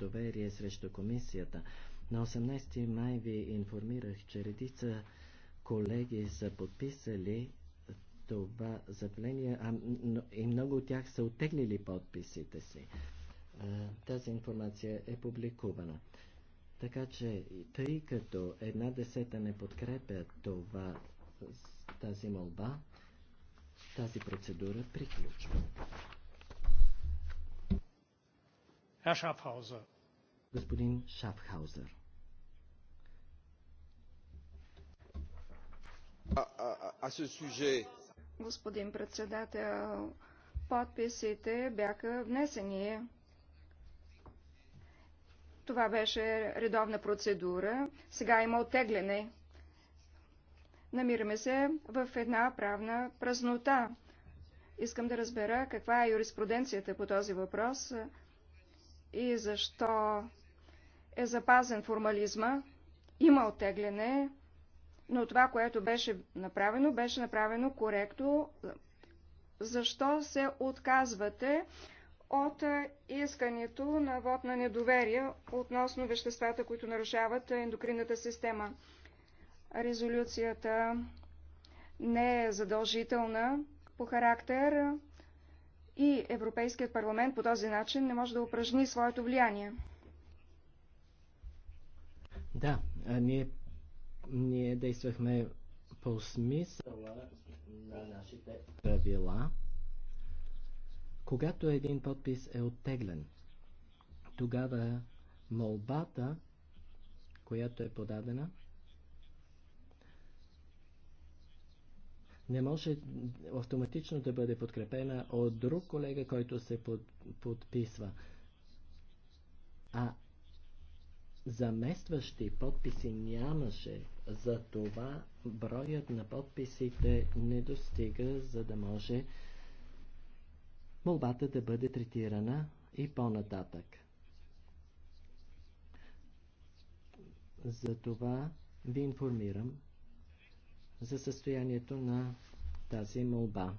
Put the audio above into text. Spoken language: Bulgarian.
доверие срещу комисията. На 18 май ви информирах, че редица колеги са подписали това заявление а, и много от тях са оттеглили подписите си. А, тази информация е публикувана. Така че, тъй като една десета не подкрепя това, тази молба, тази процедура приключва. Herr Schaffhauser. Господин Шафхаузер. Господин председател, подписите бяха внесени. Това беше редовна процедура. Сега има оттегляне. Намираме се в една правна празнота. Искам да разбера каква е юриспруденцията по този въпрос и защо е запазен формализма. Има оттегляне, но това, което беше направено, беше направено коректно. Защо се отказвате от искането на вод на недоверие относно веществата, които нарушават ендокринната система? Резолюцията не е задължителна по характер, и Европейският парламент по този начин не може да упражни своето влияние. Да, а ние, ние действахме по смисъла на нашите правила. Когато един подпис е оттеглен, тогава молбата, която е подадена, не може автоматично да бъде подкрепена от друг колега, който се под, подписва. А заместващи подписи нямаше. За това броят на подписите не достига, за да може молбата да бъде третирана и по-нататък. За това ви информирам, за състоянието на тази молба.